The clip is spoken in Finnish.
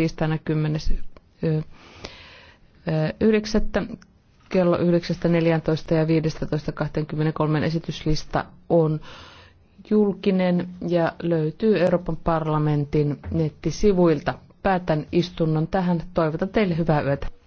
tiistaina 10.9. kello 9.14 ja 15.23 esityslista on julkinen ja löytyy Euroopan parlamentin nettisivuilta. Päätän istunnon tähän. Toivotan teille hyvää yötä.